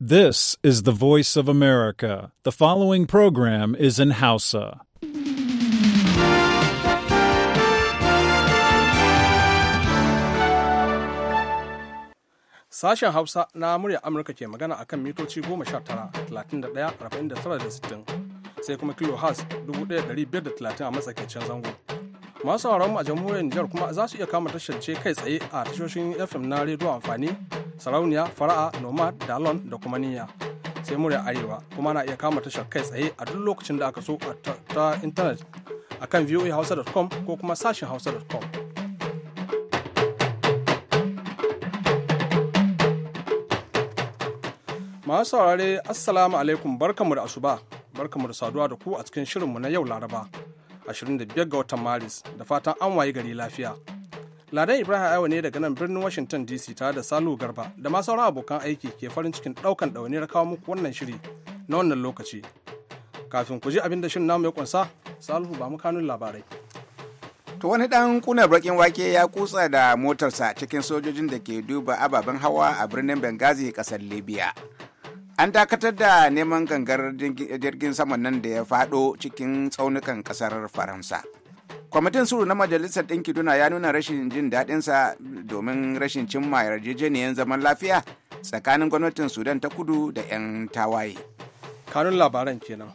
This is the voice of America. The following program is in Hausa. Sashen Hausa na murya Amurka ke magana a kan mitoci 19, 31, sai kuma kilo has 1530 a matsakaicin zango. masu sauraron a jamhuriyar Nijar kuma za su iya kama tashar ce kai tsaye a tashoshin FM na rediyo amfani sarauniya fara'a nomad dalon da kuma niyya sai murya arewa kuma na iya kama tashar kai tsaye a duk lokacin da aka so ta intanet akan voahausa.com ko kuma sashin hausa.com masu saurare assalamu alaikum barkamu da asuba barkamu da saduwa da ku a cikin shirinmu na yau laraba 25 ga watan maris da fatan an waye gari lafiya ladan ibrahim aiwa ne daga nan birnin washington dc tare da salu garba da ma sauran abokan aiki ke farin cikin daukan ɗawainiyar kawo muku wannan shiri na wannan lokaci kafin ku ji abin da shirin namu ya kunsa salu ba mu kanun labarai to wani dan kunar bakin wake ya kutsa da motarsa cikin sojojin da ke duba ababen hawa a birnin benghazi kasar libya an dakatar da neman gangar jirgin saman nan da ya fado cikin tsaunukan kasar faransa kwamitin suru na majalisar ɗinki duna ya nuna rashin jin daɗinsa domin rashin cimma yarjejeniyar zaman lafiya tsakanin gwamnatin sudan ta kudu da 'yan tawaye kanun labaran kenan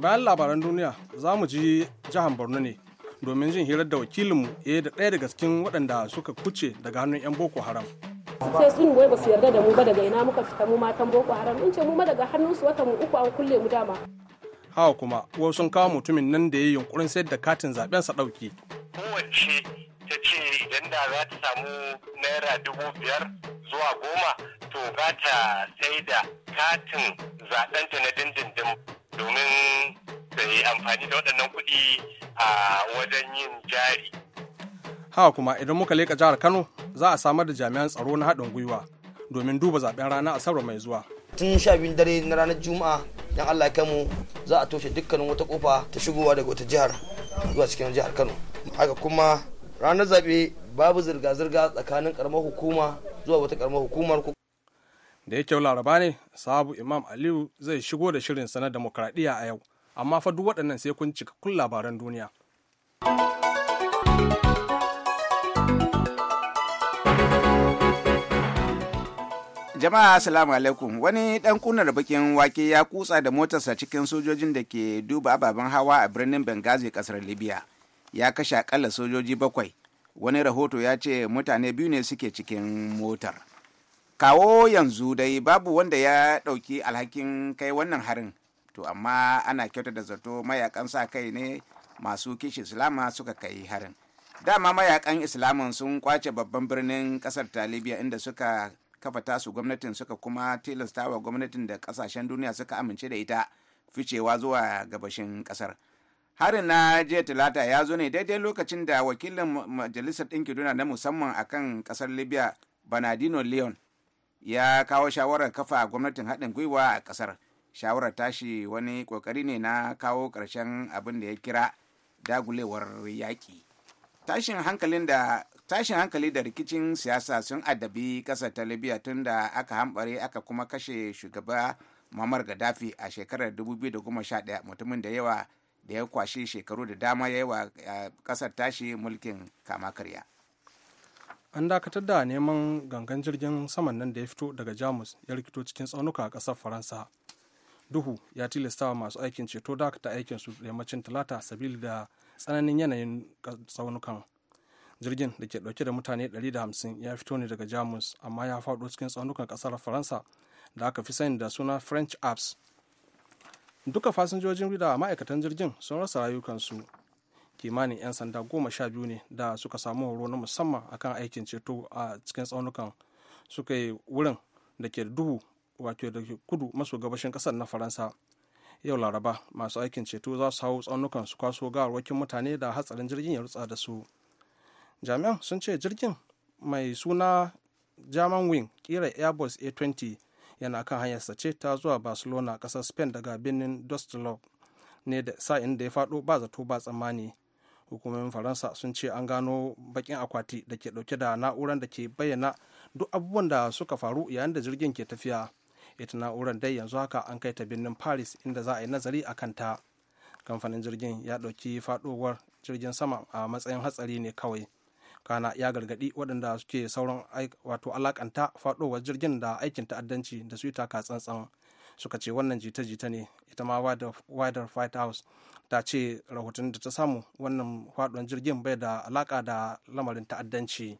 bayan labaran duniya za mu ji jihar borno ne domin jin hirar da wakilinmu ya da ɗaya da cikin waɗanda suka kuce daga hannun 'yan boko haram sai sun wai ba su yarda da mu ba daga ina muka fita mu matan boko haram in ce mu ma daga hannun su wata mu uku an kulle mu dama haka kuma wasu sun kawo mutumin nan da ya yi yunkurin sayar da katin zaben sa dauki kowace ta ce idan da za ta samu naira dubu biyar zuwa goma to za ta sai da katin ta na dindindin domin ta amfani da waɗannan kuɗi a wajen yin jari haka kuma idan muka leka jihar kano za a samar da jami'an tsaro na haɗin gwiwa domin duba zaben rana a asabar mai zuwa tun sha biyun dare na ranar juma'a yan allah mu za a toshe dukkanin wata kofa ta shigowa daga wata jihar zuwa cikin jihar kano haka kuma ranar zaɓe babu zirga-zirga tsakanin karamar hukuma zuwa wata karamar hukumar da yake laraba ne sabu imam aliyu zai shigo da shirin sanar demokradiyya a yau amma fa duk waɗannan sai kun cika kun labaran duniya. Jama'a Assalamu alaikum wani dan kunar bakin wake ya kutsa da motarsa cikin sojojin da ke duba ababen hawa a birnin Benghazi kasar Libya ya kashe akalla sojoji bakwai wani rahoto ya ce mutane biyu ne suke cikin motar. Kawo yanzu dai babu wanda ya dauki alhakin kai wannan harin to amma ana kyauta da zato mayakan sa kai ne masu kishi islama suka kai harin. Dama mayakan islamin sun kwace babban birnin kasar ta Libya inda suka kafa tasu gwamnatin suka kuma tilasta wa gwamnatin da kasashen duniya suka amince da ita ficewa zuwa gabashin kasar harin na jiya talata ya zo ne daidai lokacin da wakilin majalisar ɗinkin duniya na musamman akan kasar libya banadino leon ya kawo shawarar kafa gwamnatin haɗin gwiwa a kasar shawarar tashi wani ƙoƙari ne na kawo ƙarshen abin da ya kira dagulewar yaƙi tashin hankalin da tashin hankali da rikicin siyasa sun addabi kasar ta libya tun da aka hambare aka kuma kashe shugaba muhammad gaddafi a shekarar 2011 mutumin da yawa da ya kwashe shekaru da dama ya yi wa ƙasar tashi mulkin kama karya an dakatar da neman gangan jirgin saman nan da ya fito daga jamus ya rikito cikin tsaunuka a ƙasar faransa duhu ya tilastawa masu aikin ceto dakata aikinsu da yammacin talata sabili da tsananin yanayin tsaunukan jirgin da ke dauke da mutane 150 ya fito ne daga jamus amma ya fado cikin tsaunukan ƙasar faransa da aka fi sani da suna french apps duka fasinjojin da ma'aikatan jirgin sun rasa rayukansu kimanin 'yan sanda goma sha biyu ne da suka samu horo na musamman akan aikin ceto a cikin tsaunukan suka yi wurin da ke duhu wato da kudu maso gabashin kasar na faransa yau laraba masu aikin ceto za su hau tsaunukan su kwaso gawarwakin mutane da hatsarin jirgin ya rutsa da su jami'an sun ce jirgin mai suna german wing kira airbus a20 yana kan hanyarsa ce ta zuwa barcelona kasar spain daga birnin dustlov ne da sa'in da ya fado ba zato ba tsammani hukumomin faransa sun ce an gano bakin akwati da ke dauke da na'urar da ke bayyana duk abubuwan da suka faru yayin da jirgin ke tafiya ita na'urar dai yanzu haka an kai ta birnin paris inda za a yi nazari a kanta kamfanin jirgin ya ɗauki faɗowar jirgin sama a matsayin hatsari ne kawai kana ya gargadi waɗanda suke sauran wato alakanta faɗowar jirgin da aikin ta'addanci da su yi taka tsantsan suka ce wannan jita-jita ne ita ma wider fight house ta ce rahoton da ta samu wannan faɗuwar jirgin bai da alaka da lamarin ta'addanci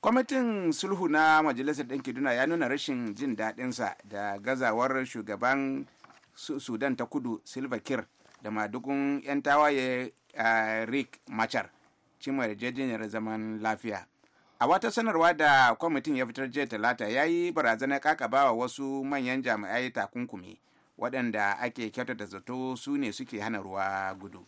kwamitin sulhu na majalisar ɗin kiduna ya nuna rashin jin daɗinsa da gazawar shugaban sudan ta kudu silva kir da madukun 'yan tawaye eh, rick machar cimma yarjejeniyar zaman lafiya a wata sanarwa da kwamitin ya fitar jiya talata ya yi barazanar kakabawa wasu manyan jami'ai takunkumi waɗanda ake kyautata zato su ne suke hana ruwa gudu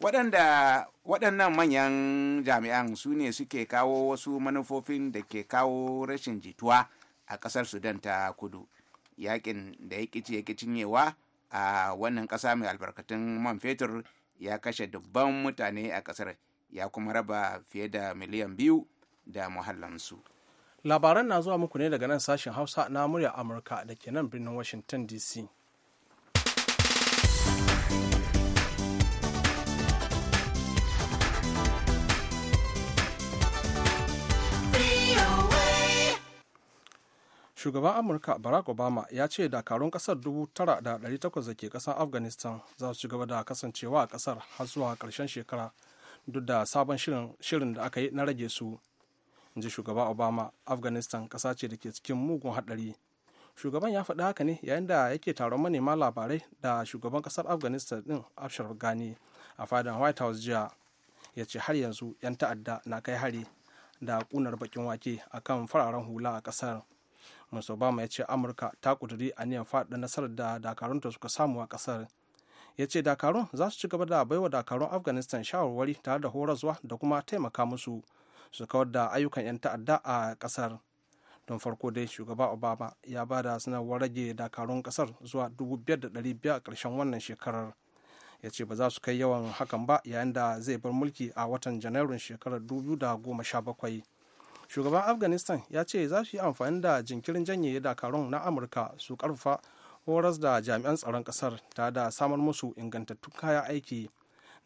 waɗannan manyan jami'an su ne suke kawo wasu manufofin da ke kawo rashin jituwa a ƙasar sudan ta kudu Yaƙin da ya ƙici ya cinyewa a wannan ƙasa mai albarkatun man fetur ya kashe dubban mutane a ƙasar ya kuma raba fiye da miliyan biyu da muhallansu labaran na zuwa muku ne daga nan sashen hausa na murya amurka da ke nan birnin washington dc shugaban amurka barack obama ya ce dakarun kasar 9,800 da ke kasar afghanistan za su ci gaba da kasancewa a kasar har zuwa karshen shekara duk da sabon shirin da aka yi na rage su in ji shugaba obama afghanistan ƙasa ce da ke cikin mugun haɗari shugaban ya faɗi haka ne yayin da yake taron manema labarai da shugaban ƙasar afghanistan ɗin afshar gani a fadin white house jiya ya ce har yanzu 'yan ta'adda na kai hari da ƙunar bakin wake a kan fararen hula a ƙasar obama ya ce amurka ta ƙuduri niyan faɗa nasarar da dakarunta suka samu a ƙasar ya ce dakarun za su ci gaba da baiwa dakarun afghanistan shawarwari tare da horaswa da kuma taimaka musu su kawar da ayyukan 'yan ta'adda a kasar don farko dai shugaba obama ya ba da sanarwar rage dakarun kasar zuwa 5,500 a ƙarshen wannan shekarar ya ce ba za su kai yawan hakan ba yayin da zai bar mulki a watan janairun shekarar 2017 shugaban afghanistan ya ce za su yi amfani da jinkirin janye dakarun na amurka su karfafa horas da jami'an tsaron kasar ta da samar musu ingantattun kayan aiki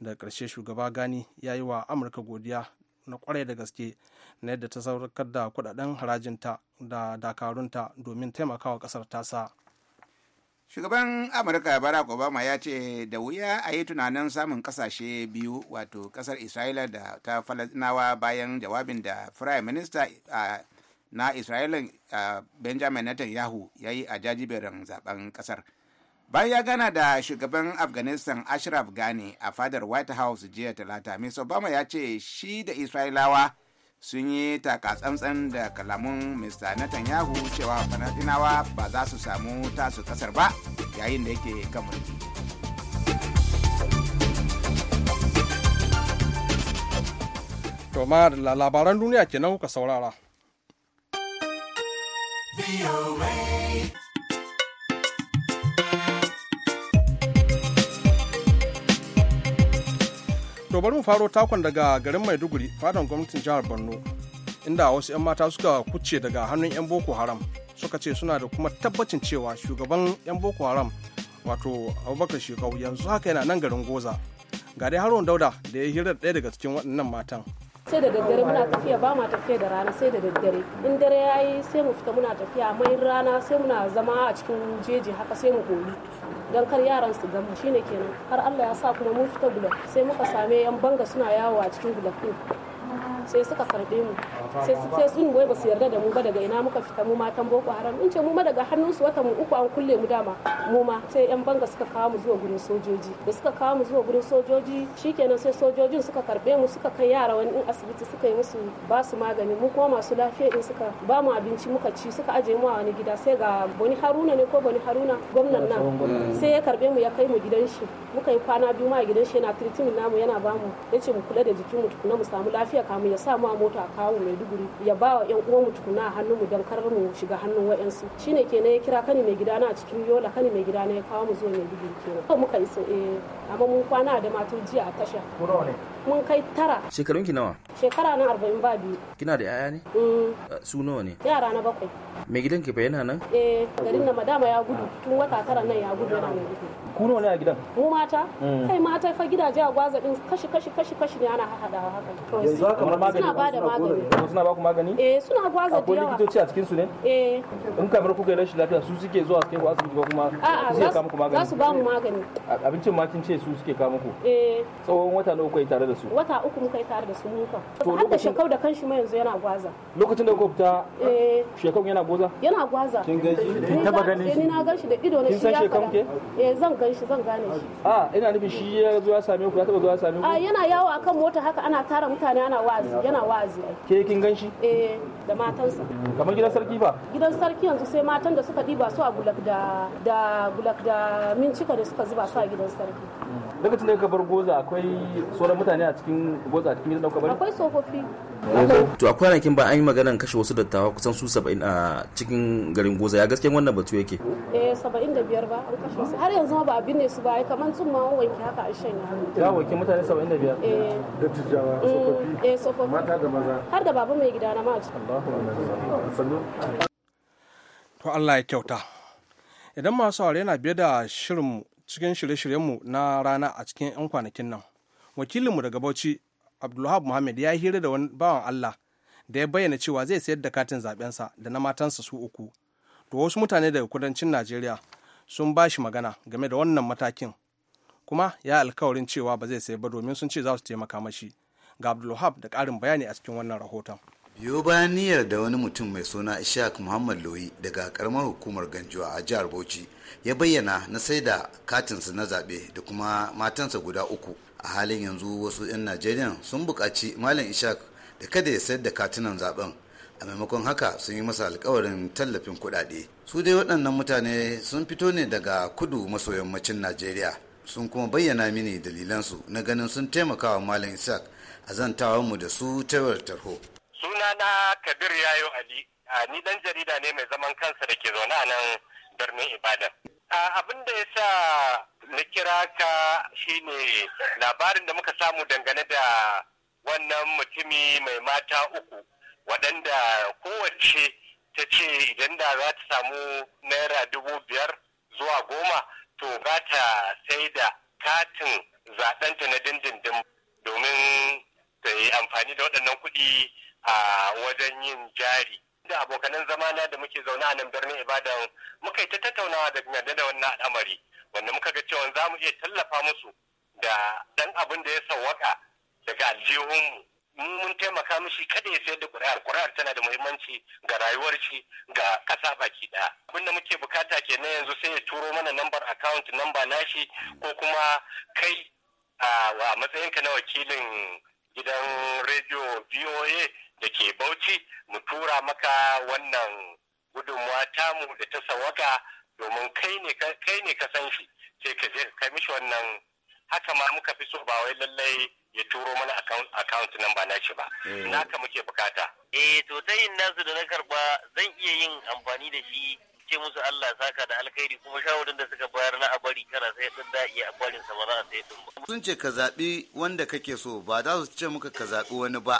da ƙarshe shugaba gani ya yi wa amurka godiya na kwarai da gaske na yadda ta saukar da kudaden harajinta da dakarunta domin taimakawa kasar tasa shugaban amurka barack obama ya ce da wuya a yi tunanin samun kasashe biyu wato kasar isra'ila da ta falasinawa bayan jawabin da prime minister a na isra'ilin benjamin netanyahu ya yi a jajiberin zaben kasar bayan ya gana da shugaban afghanistan ashraf ghani a fadar white house jiya talata mai obama ya ce shi da isra'ilawa sun yi takatsantsan da kalamun mr netanyahu cewa fanadinawa ba za su samu tasu kasar ba yayin da yake kan mulki to labaran duniya kenan kuka saurara To bari mu faro takon daga garin Maiduguri fadan gwamnatin jihar Borno inda wasu 'yan mata suka kuce daga hannun 'yan Boko Haram suka ce suna da kuma tabbacin cewa shugaban 'yan Boko Haram wato Abubakar Shekau yanzu haka yana nan garin Goza. Ga dai haron Dauda da ya hira ɗaya daga cikin waɗannan matan. sai da daddare muna tafiya ba ma tafiya da rana sai da daddare in dare ya yi sai mu fita muna tafiya mai rana sai muna zama a cikin jeji haka sai mu koyi don kar yaran su gama shine kenan har Allah ya sa kuma mun fita gulab sai muka same yan banga suna yawo a cikin gulab sai suka karbe mu sai sai sun wai su yarda da mu ba daga ina muka fita mu matan boko haram in ce mu ma daga hannun su wata mu uku an kulle mu dama mu ma sai yan banga suka kawo mu zuwa gurin sojoji da suka kawo mu zuwa gurin sojoji shikenan sai sojojin suka karbe mu suka kai yara wani in asibiti suka yi musu ba su magani mu kuma masu lafiya din suka ba mu abinci muka ci suka aje mu a wani gida sai ga boni haruna ne ko boni haruna gwamnan nan sai ya karbe mu ya kai mu gidan shi muka yi kwana biyu ma a gidan shi yana tiritimin namu yana ba bamu yace mu kula da jikin mu tukuna mu samu lafiya kamun ya sa mu a mota a kawo mai duguri ya ba wa yan uwanmu tukuna a hannunmu don karar mu shiga hannun wayansu shine kenan ya kira kani mai gida na a cikin yola kani mai gida na ya kawo mu zuwa mai duguri kenan muka iso eh amma mun kwana da matu jiya a tasha mun kai tara shekarun ki nawa shekara na arba'in ba biyu kina da yaya ne mm. uh, su nawa ne yara na bakwai mai gidan ki yana nan eh garin da madama ya gudu tun wata tara nan ya gudu yana mai gudu ku ne a gidan mu mata mm. kai mata fa gidaje a gwaza din kashi kashi kashi kashi ne ana hahadawa haka yanzu haka magani suna ba da magani suna ba ku magani eh suna gwaza da yawa likitoci a cikin su ne eh in kamar kuka yi rashin lafiya su suke zuwa su kai ku asibiti kuma su suke muku magani za su ba mu magani abincin ma kin ce su suke kawo muku eh tsawon wata nawa kai tare da su wata uku muka yi tare da su muka har da shekau da kanshi ma yanzu yana gwaza lokacin da kuka fita eh. shekau yana gwaza yana gwaza kin ganshi kin taba ganin shi eh, ni na ganshi da ido na shi ya shekau ke eh zan ganshi zan gane shi a ah, ina nufin shi ya zo ya same ku ya taba zo ya same ku a ah, yana yawo akan mota haka ana tara mutane ana wazi yana wazi ke kin ganshi eh da matansa kamar gidan sarki ba gidan sarki yanzu sai matan da suka diba su a gulak da da gulak da cika da suka zuba su a gidan sarki lokacin da ka bar goza akwai sauran mutane mutane a cikin gwatsa cikin gidan ɗauka bane akwai tsofaffi to a kwanakin ba an yi maganar kashe wasu dattawa kusan su saba'in a cikin garin goza ya gaskiyan wannan batu yake eh saba'in da biyar ba an kashe su har yanzu ba a binne su ba ai kamar sun ma wanke haka a shanya ya wanke mutane saba'in da biyar eh dattijawa mm, tsofaffi eh tsofaffi mata da maza har da baba mai gida na ma a cikin to Allah ya kyauta idan masu aure yana biye da shirinmu cikin shirye-shiryenmu na rana a cikin 'yan kwanakin nan wakilinmu daga bauchi abdulhab muhammad ya yi hira da wani bawan allah da ya bayyana cewa zai sayar da katin zabensa da na matansa su uku to wasu mutane daga kudancin najeriya sun ba shi magana game da wannan matakin kuma ya alkawarin cewa ba zai sayar ba domin sun ce za su taimaka mashi ga abdulhab da ƙarin bayani a cikin wannan rahoton biyo bayan niyyar da wani mutum mai suna ishaq muhammad loyi daga karamar hukumar ganjuwa a jihar bauchi ya bayyana na sai da katinsa na zaɓe da kuma matansa guda uku a halin yanzu wasu 'yan najeriya sun buƙaci malam ishak da kada ya sayar da katunan zaben a maimakon haka sun yi masa alkawarin tallafin kuɗaɗe su dai waɗannan mutane sun fito ne daga kudu maso yammacin najeriya sun kuma bayyana mini dalilansu na ganin sun taimaka wa malam ishak a zantawar mu da su tawar tarho sunana kabir yayo ali ni dan jarida ne mai zaman kansa da ke zaune a nan birnin ibadan abin da ya sa na kira ka shine labarin da muka samu dangane da wannan mutumi mai mata uku waɗanda kowace ta ce idan da za ta samu naira dubu biyar zuwa goma to za ta sai da katin zaɗanta na dindindin domin ta yi amfani da waɗannan kuɗi a wajen yin jari da abokanan zamana da muke zaune a nan birnin Ibadan muka yi ta tattaunawa da game da wannan al'amari wanda muka ga cewa za mu iya tallafa musu da dan abin da ya sawwaka daga aljihunmu mu mun taimaka mishi kada ya sayar da ƙuri'ar ƙuri'ar tana da muhimmanci ga rayuwar shi ga ƙasa baki ɗaya abin da muke bukata kenan yanzu sai ya turo mana lambar account namba nashi ko kuma kai a matsayinka na wakilin gidan rediyo voa da ke bauchi mu tura maka wannan gudunmuwa tamu da ta sawaka domin kai ne ka san shi sai ka je ka mishi wannan haka ma muka fi so ba wai lallai ya turo mana account number na shi ba eh. ka muke bukata eh to ta yin nasu da na karba zan iya yin amfani da shi ce musu Allah saka da alkhairi kuma shawarin da suka bayar na abari kana sai din da iya abarin sa ba za a sai din ba sun ce ka zabi wanda kake so ba za su ce muka ka zabi wani ba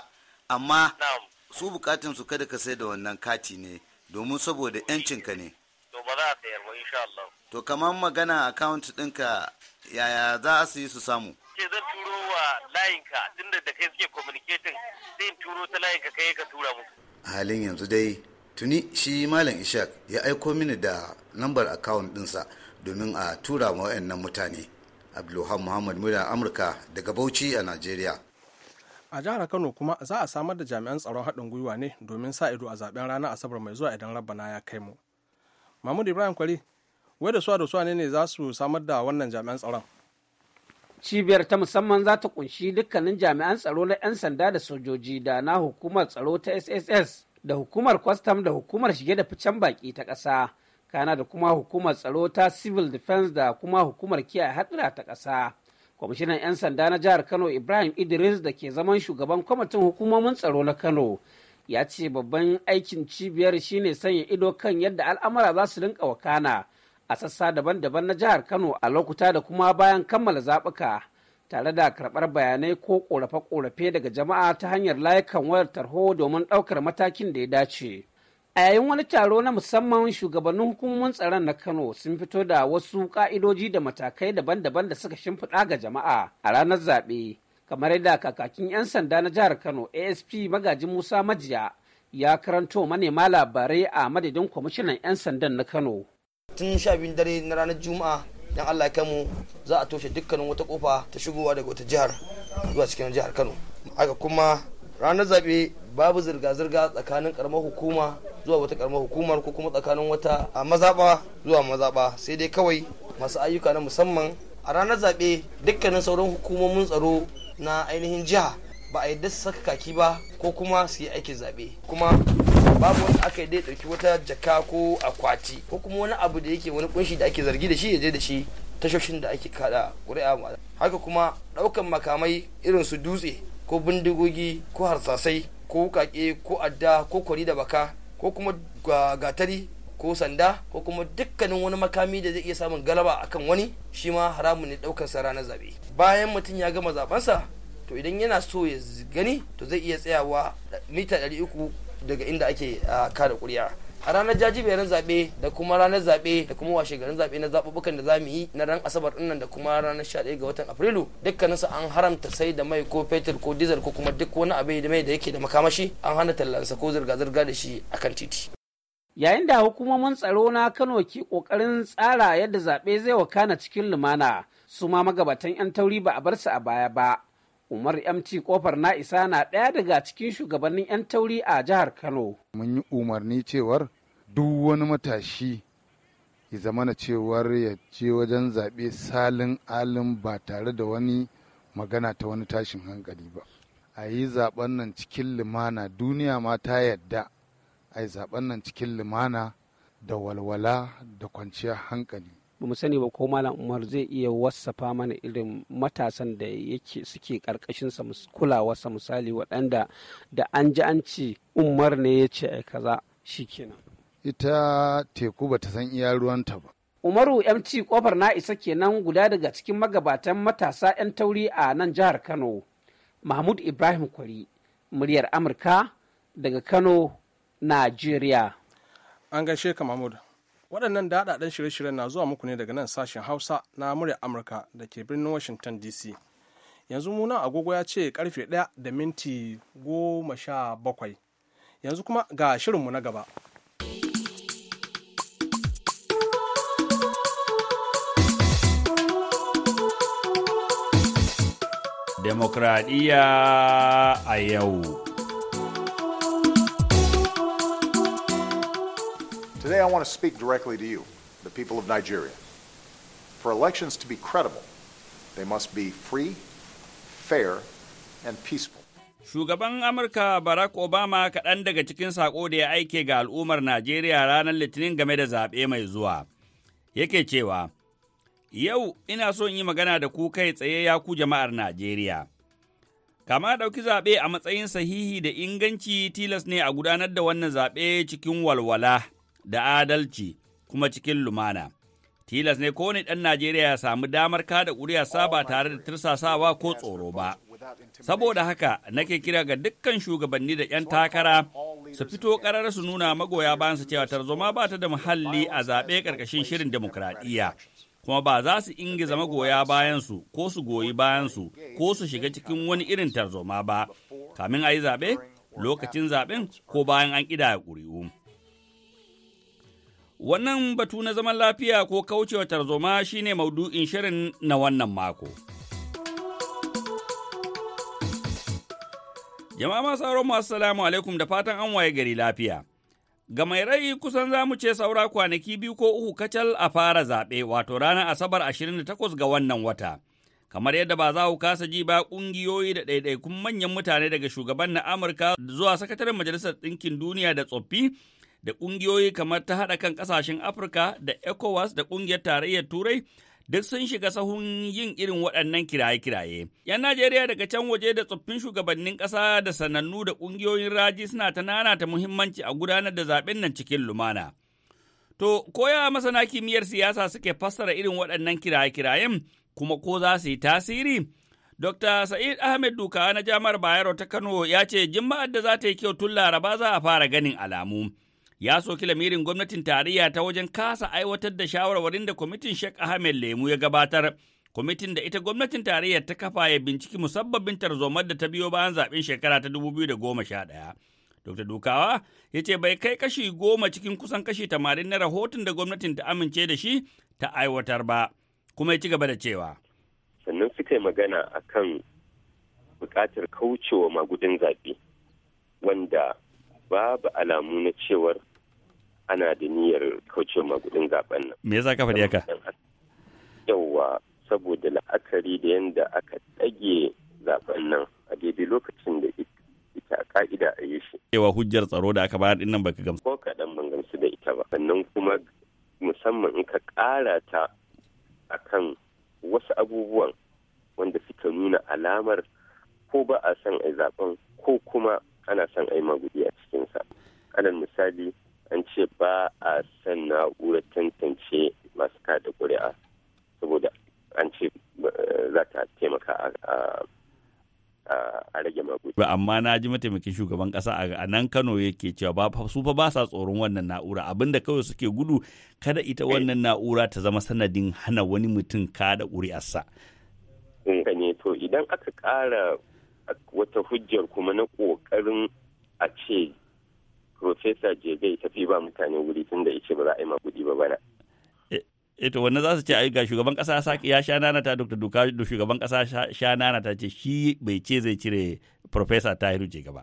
amma su bukatun su kada ka sai da wannan kati ne domin saboda yancin ka ne to ba za kamar magana account ɗinka yaya za su yi su samu ce zan turo wa layinka tunda da kai suke communicating sai in turo ta layinka kai ka tura musu halin yanzu dai tuni shi malam ishak ya aiko mini da lambar akawun dinsa domin a tura ma wayannan mutane abdulhamid muhammad murya amurka daga bauchi a najeriya a jihar kano kuma za a samar da jami'an tsaron haɗin gwiwa ne domin sa ido a zaben ranar asabar mai zuwa idan rabbana ya kai mu mahmud ibrahim kwari wai da suwa da suwa ne ne za su samar da wannan jami'an tsaron cibiyar ta musamman za ta kunshi dukkanin jami'an tsaro na 'yan sanda da sojoji da na hukumar tsaro ta sss da hukumar kwastam da hukumar shige da ficen baki ta ƙasa kana da kuma hukumar tsaro ta civil defense da kuma hukumar kiyaye hadura ta ƙasa kwamishinan 'yan sanda na jihar kano ibrahim idris da ke zaman shugaban kwamitin hukumomin tsaro na kano ya ce babban aikin cibiyar shine sanya ido kan yadda al'amura za su rinka wakana a sassa daban-daban na jihar kano a lokuta da kuma bayan kammala zaɓuka tare da karɓar bayanai ko ƙorafe-ƙorafe daga jama'a ta hanyar layukan wayar tarho domin ɗaukar matakin da ya dace A yayin wani taro na musamman shugabannin hukumomin tsaron na Kano sun fito da wasu ka'idoji da matakai daban-daban da suka shimfiɗa ga jama'a a ranar zaɓe. Kamar yadda kakakin 'yan sanda na jihar Kano ASP magajin Musa Majiya ya karanto manema labarai a madadin kwamishinan 'yan sandan na Kano. Tun sha biyun dare na ranar Juma'a dan Allah ya mu za a toshe dukkanin wata kofa ta shigowa daga wata jihar zuwa cikin jihar Kano. Haka kuma ranar zaɓe babu zirga-zirga tsakanin karamar hukuma zuwa wata karamar hukumar ko kuma tsakanin wata a mazaɓa zuwa mazaɓa sai dai kawai masu ayyuka na musamman a ranar zaɓe dukkanin sauran hukumomin tsaro na ainihin jiha ba a yadda su saka kaki ba ko kuma su yi aikin zaɓe kuma babu wani aka dai ɗauki wata jaka ko akwati ko kuma wani abu da yake wani kunshi da ake zargi da shi ya je da shi tashoshin da ake kada ƙuri'a haka kuma ɗaukan makamai irin su dutse ko bindigogi ko harsasai ko wukaƙe ko adda ko kwari da baka ko kuma gatari ko sanda ko kuma dukkanin wani makami da zai iya samun galaba akan wani shi ma haramun ne daukar sa ranar zabe bayan mutum ya gama zaɓensa to idan yana so ya gani to zai iya tsayawa mita 300 daga inda ake kada ƙuri'a. a ranar jajiberin zabe da kuma ranar zaɓe da kuma washe garin zaɓe na zaɓuɓɓukan da za mu yi na ran asabar nan da kuma ranar 11 ga watan afrilu dukkaninsu an haramta sai da mai ko fetur ko dizal ko kuma duk wani abu da mai da yake da makamashi an hana tallansa ko zirga-zirga da shi a kan titi. yayin da hukumomin tsaro na kano ke kokarin tsara yadda zaɓe zai wakana cikin lumana su ma magabatan 'yan tauri ba a bar su a baya ba umar mt kofar na isa na ɗaya daga cikin shugabannin 'yan tauri a jihar kano mun yi umarni cewar duk wani matashi ya na cewar ya je wajen zaɓe salin alin ba tare da wani magana ta wani tashin hankali ba a yi zaɓen nan cikin limana duniya ma ta yadda a yi zaɓen nan cikin limana da walwala da kwanciyar hankali ba mu sani ba ko malam umar zai iya wasafa mana irin matasan da yake suke kulawa kulawarsa misali waɗanda da an ji an ci umar ne ya ce kaza shi shikenan ita teku ba ta san iya ruwanta ba. Umaru MC kofar na isa kenan guda daga cikin magabatan matasa 'yan tauri a nan jihar Kano. Mahmud Ibrahim Kwari, muryar Amurka daga Kano, Najeriya. An gaishe ka Mahmud. Waɗannan daɗaɗen shirye-shiryen na zuwa muku ne daga nan sashen Hausa na muryar Amurka da ke birnin Washington DC. Yanzu muna agogo ya ce karfe ɗaya da minti goma sha bakwai. Yanzu kuma ga shirinmu na gaba. demokradiyya a yau. Today I want to speak directly to you, the people of Nigeria. For elections to be credible, they must be free, fair, and peaceful. Shugaban Amurka Barack Obama kaɗan daga cikin saƙo da ya aike ga al'ummar Najeriya ranar Litinin game da zaɓe mai zuwa. Yake cewa, Yau ina so in yi magana da ku kai tsaye ya ku jama'ar Najeriya. Kama ɗauki zaɓe a matsayin sahihi da inganci tilas ne a gudanar da wannan zaɓe cikin walwala da adalci kuma cikin lumana. Tilas ne kowane ɗan Najeriya ya samu damar kada ƙuri'a ba tare da tirsasawa ko tsoro ba. Saboda haka nake kira ga dukkan shugabanni da 'yan takara su fito ƙarar su nuna magoya bayan su cewa tarzoma ba ta da muhalli a zaɓe ƙarƙashin shirin demokradiyya. kuma ba za su ingiza magoya bayansu ko su goyi bayansu ko su shiga cikin wani irin tarzoma ba kamin a yi zaɓe lokacin zaɓen ko bayan an ƙida ya ƙuri'u. Wannan batu na zaman lafiya ko kaucewa tarzoma shine maudu'in shirin na wannan mako. Jama'a masu sauran masu salamu alaikum da fatan an waye gari lafiya. Ga mai rai kusan za mu ce saura kwanaki biyu ko uku kacal a fara zaɓe wato ranar Asabar 28 ga wannan wata. Kamar yadda ba za ku kasa ji ba ƙungiyoyi da ɗaiɗaikun manyan mutane daga shugaban na Amurka zuwa sakataren Majalisar Ɗinkin Duniya da tsoffi da ƙungiyoyi kamar ta haɗa kan ƙasashen Afirka da ECOWAS da ƙungiyar tarayyar Turai duk sun shiga sahun yin irin waɗannan kiraye-kiraye. 'Yan Najeriya daga can waje da tsoffin shugabannin ƙasa da sanannu da ƙungiyoyin raji suna ta ta muhimmanci a gudanar da zaɓen nan cikin lumana. To, koya masana kimiyyar siyasa suke fassara irin waɗannan kiraye-kirayen kuma ko za su yi tasiri? Dr. Sa'id Ahmed Duka na Jami'ar Bayero ta Kano ya ce, Juma'ar da za ta yi kyau tun Laraba za a fara ganin alamu. ya soki lamirin gwamnatin tarayya ta wajen kasa aiwatar da shawarwarin da kwamitin Sheikh Ahmed Lemu ya gabatar. Kwamitin da ita gwamnatin tarayyar ta kafa ya binciki musabbabin tarzomar da ta biyo bayan zaɓen shekara ta da 2011. Dr. Dukawa ya ce bai kai kashi goma cikin kusan kashi tamanin na rahoton da gwamnatin ta amince da shi ta aiwatar ba, kuma ya ci gaba da cewa. Sannan suka yi magana a kan buƙatar kaucewa magudin zaɓe wanda babu alamu na cewar ana da niyyar kauce gudun zaben nan. Me yasa ka faɗi haka? Yawwa saboda la'akari da yadda aka ɗage zaben nan a daidai lokacin da ita ka'ida a yi shi. Cewa hujjar tsaro da aka bayar ɗin nan baka gamsu amma na ji mataimakin shugaban kasa a nan Kano yake cewa ba su fa ba sa tsoron wannan na'ura abinda kawai suke gudu kada ita eh. wannan na'ura ta zama sanadin hana wani mutum kada ƙuri'arsa. Eh, to idan aka ƙara wata hujjar kuma na ƙoƙarin a ce Profesa Jegai tafi ba mutane wuri tun da ce ba za a yi kuɗi ba bana. Eh, to wannan za su ce ai ga shugaban kasa ya sha nana ta dr duka da shugaban kasa sha nana ta ce shi bai ce zai cire professor tahiru je gaba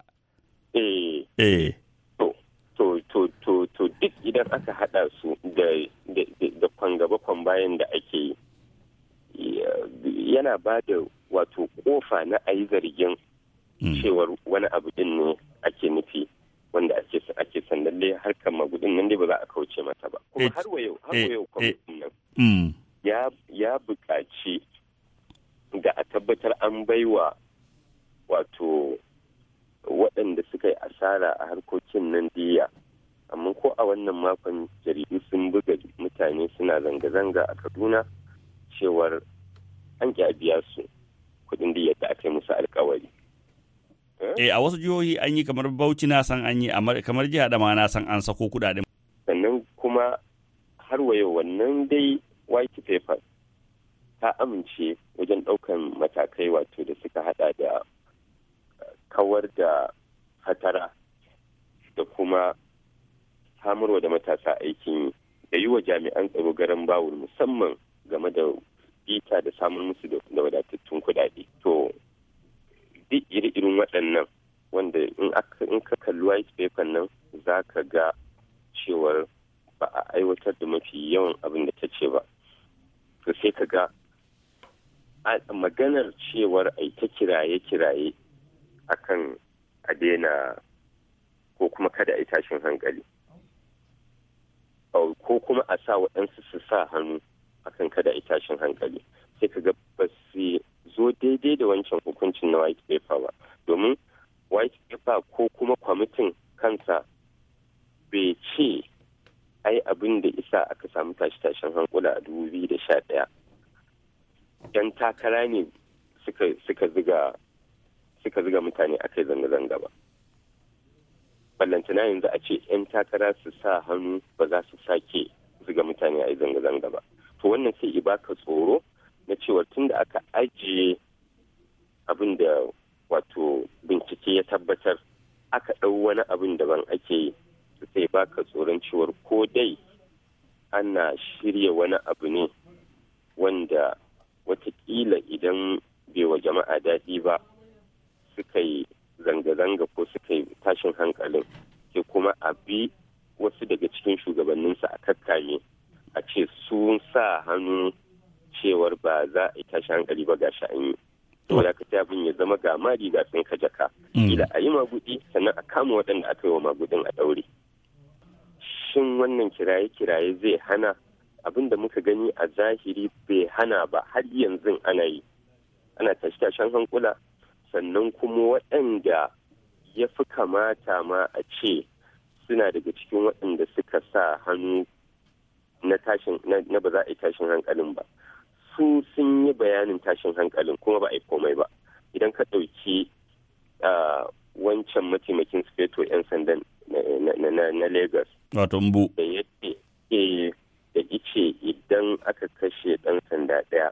eh eh to to to to duk idan aka haɗa su da da kwan gaba kwan bayan da ake yi yana ba da wato kofa na ayi zargin hmm. cewar wani abu din ne ake nufi wanda ake ake san lalle harkar magudin nan dai ba za a kauce mata ba kuma har wa yau har eh, wa eh, kwamitin nan mm. ya ya buƙaci da a tabbatar an baiwa wato waɗanda suka yi asara a harkokin nan diya amma ko a wannan makon jaridu sun buga mutane suna zanga-zanga a kaduna cewar an biya su kuɗin da yadda aka yi musu alkawari Eh? eh a wasu jihohi an yi kamar Bauchi na san an yi kamar jiha da ma na san an sako kudaden. Sannan kuma har wayo wannan dai white paper ta amince wajen ɗaukan matakai wato da suka hada da eh, kawar da hatara da kuma samarwa da matasa aikin da yi wa jami'an tsaro garan bawul musamman game da bita da samun musu da wadatattun kudade. To duk ire irin waɗannan wanda in ka kalli white paper nan za ka ga cewar ba a aiwatar da mafi yawan abin da ta ce ba to sai ka ga maganar cewar ai ta kiraye-kiraye akan a daina ko kuma kada a yi tashin hankali ko kuma a sa waɗansu su sa hannu akan kada a yi tashin hankali sai ka ga ba su zo daidai da wancan hukuncin na white paper ba domin white paper ko kuma kwamitin kansa bai ce ai abin da isa aka samu tashi-tashen hankula a 2011 'yan takara ne suka ziga mutane a kai zanga-zanga ba ballantana yanzu a ce 'yan takara su sa hannu ba za su sake ziga mutane a yi zanga-zanga ba to wannan sai i baka tsoro na cewar tun da aka ajiye abin da wato bincike ya tabbatar aka ɗau wani abin da ban ake yi sai baka tsoron cewar ko dai ana shirya wani abu ne wanda watakila idan bai wa jama'a daɗi ba suka yi zanga-zanga ko suka yi tashin hankalin sai kuma a bi wasu daga cikin shugabanninsa a kakkame a ce sun sa hannu cewar ba za a yi tashi hankali ba ga sha'ani yi to da ka abin ya zama ga mari ga sun ka jaka mm. ila a yi magudi sannan a kama waɗanda aka yi wa magudin a ɗaure shin wannan kiraye kiraye zai hana abin da muka gani a zahiri bai hana ba har yanzu ana yi ana tashi hankula sannan kuma waɗanda ya fi kamata ma a ce suna daga cikin waɗanda suka sa hannu na ba za a yi tashin hankalin ba su sun yi bayanin tashin hankalin kuma ba a yi komai ba idan ka ɗauki wancan mataimakin sufeto 'yan sandan na lagos da ya ce eh, da ice idan aka kashe ɗan sanda ɗaya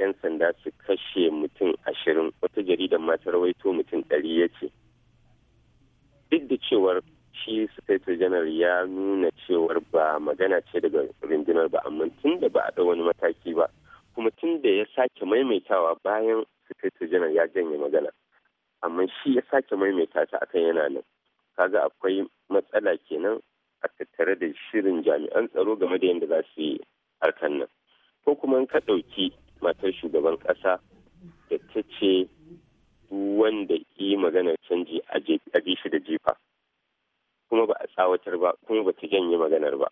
'yan sanda su kashe mutum ashirin wata jaridar ma ta rawaito mutum ɗari ya ce duk da cewar shi secretary janar ya nuna cewar ba magana ce daga rundunar ba amma tun da ba a da wani mataki ba kuma tun da ya sake maimaitawa bayan secretary janar ya janye magana amma shi ya sake maimaita ta akan yana nan kaga akwai matsala kenan a tattare da shirin jami'an tsaro game da yadda za su yi harkan nan ko kuma ka ɗauki matar shugaban ƙasa da ta ce wanda yi maganar canji a bi shi da jifa kuma ba a tsawatar ba kuma ba ta janye maganar ba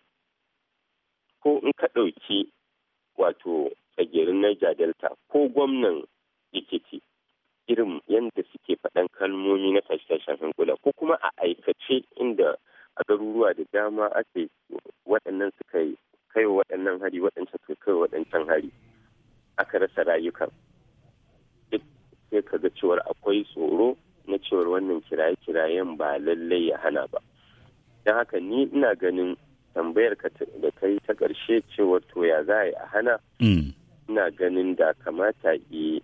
ko in ka ɗauki wato tsagerin Niger Delta ko gwamnan Ekiti irin yadda suke faɗan kalmomi na tashe-tashen hankula ko kuma a aikace inda a garuruwa da dama ake waɗannan suka yi kai waɗannan hari waɗancan suka kai waɗancan hari aka rasa rayukan duk sai ka ga cewar akwai tsoro na cewar wannan kiraye-kirayen ba lallai ya hana ba don haka ni ina ganin tambayar da kai ta ƙarshe cewa to ya za a yi a hana mm. ina ganin da kamata yi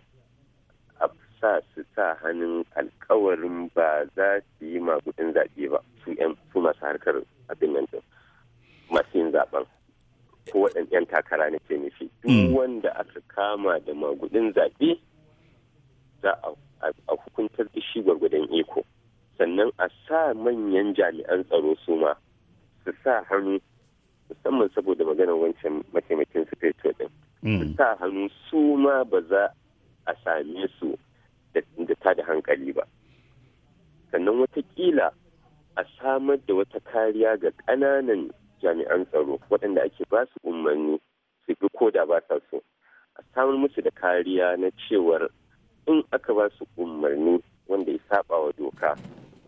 a sa su sa hannun alkawarin ba za su yi magudin zaɓe ba su yan su masu harkar abin nan masu yin zaɓen ko waɗanda yan takara na ke nufi duk mm. wanda aka kama da magudin zaɓe za a hukuntar da shi gwargwadon iko. sannan a sa manyan jami'an tsaro su ma su sa hannu musamman saboda maganar wancan mataimakin sufeto din su mm. sa hannu su ma ba za a same su da ta da hankali ba sannan watakila a samar da wata kariya ga ƙananan jami'an tsaro waɗanda ake ba su umarni su bi ko da ba sa so a samar musu da kariya na cewar in aka ba su umarni wanda ya saba wa doka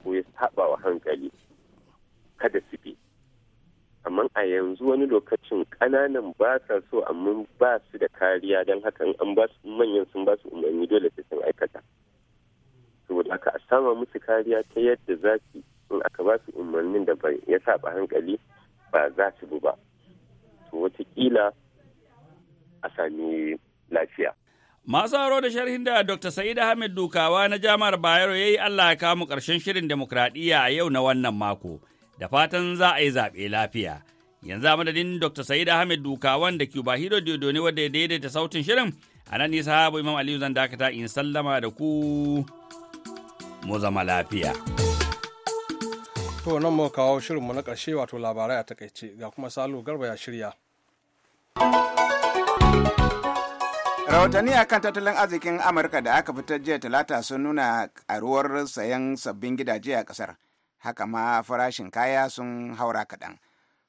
ko ya saba wa hankali kada su bi amma a yanzu wani lokacin ƙananan ba sa so amma ba su da kariya don haka an ba su manyan sun ba su umarni dole su sun aikata saboda haka a sama musu kariya ta yadda za su in aka ba su umarnin da ya saba hankali ba za su bi ba to watakila a sami lafiya Masu haro da sharhin da Dr. Sa'id Ahmed Dukawa na Jami'ar Bayero ya yi Allah ya kamu ƙarshen shirin demokradiyya a yau na wannan mako, da fatan za a yi zaɓe lafiya. Yanzu a madadin Dr. Sa'id Ahmed dukawa da Cuba Hiro Diodo ne wadda ya daidaita sautin shirin, a nan nisa habu Imam Aliyu zan dakata in sallama da ku mu zama lafiya. To nan mu kawo shirinmu na ƙarshe wato labarai a takaice ga kuma Salo Garba ya shirya. rahotanni akan tattalin arzikin amurka da aka fitar jiya talata sun nuna karuwar sayan sabbin gidaje a kasar haka ma farashin kaya sun haura kaɗan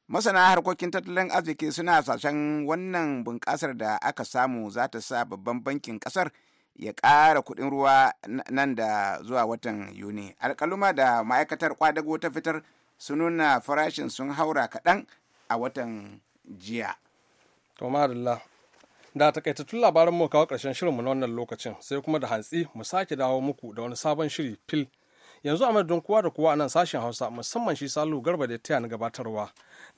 masana harkokin tattalin arziki suna sashen wannan bunƙasar da aka samu za ta sa babban bankin ƙasar ya ƙara kuɗin ruwa nan da zuwa watan yuni alƙaluma da ma'aikatar kwadago ta fitar sun nuna farashin sun haura kaɗan a watan jiya. da takaitattun labaran mu kawo ƙarshen shirinmu na wannan lokacin sai kuma da hantsi mu sake dawo muku da wani sabon shiri fil yanzu a madadin kowa da kowa a nan sashen hausa musamman shi salu garba da taya na gabatarwa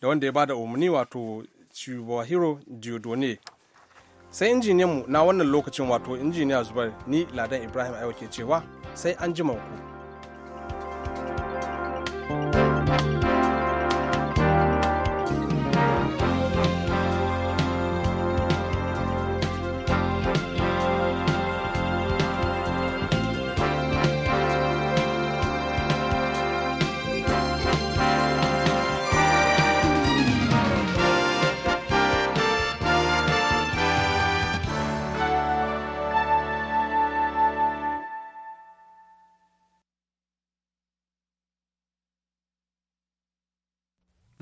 da wanda ya bada umarni wato chibahiro diodone sai injiniyanmu na wannan lokacin wato injiniya zubar ni ladan ibrahim aiwa ke cewa sai an jima ku.